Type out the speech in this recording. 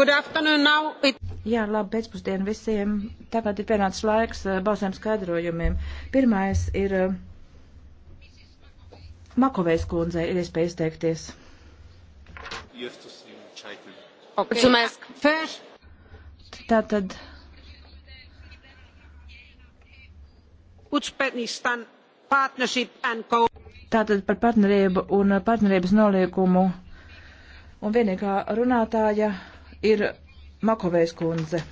It... Jā, labi, pēcpusdienu visiem. Tagad ir pienācis laiks eh, balsēm skaidrojumiem. Pirmais ir eh, Makovejs kundzei ir iespēja izteikties. Okay. Tātad. Uzbekistan partnership and co. Tātad par partnerību un partnerības noliekumu. Un vienīgā runātāja ir Makovējs kundze.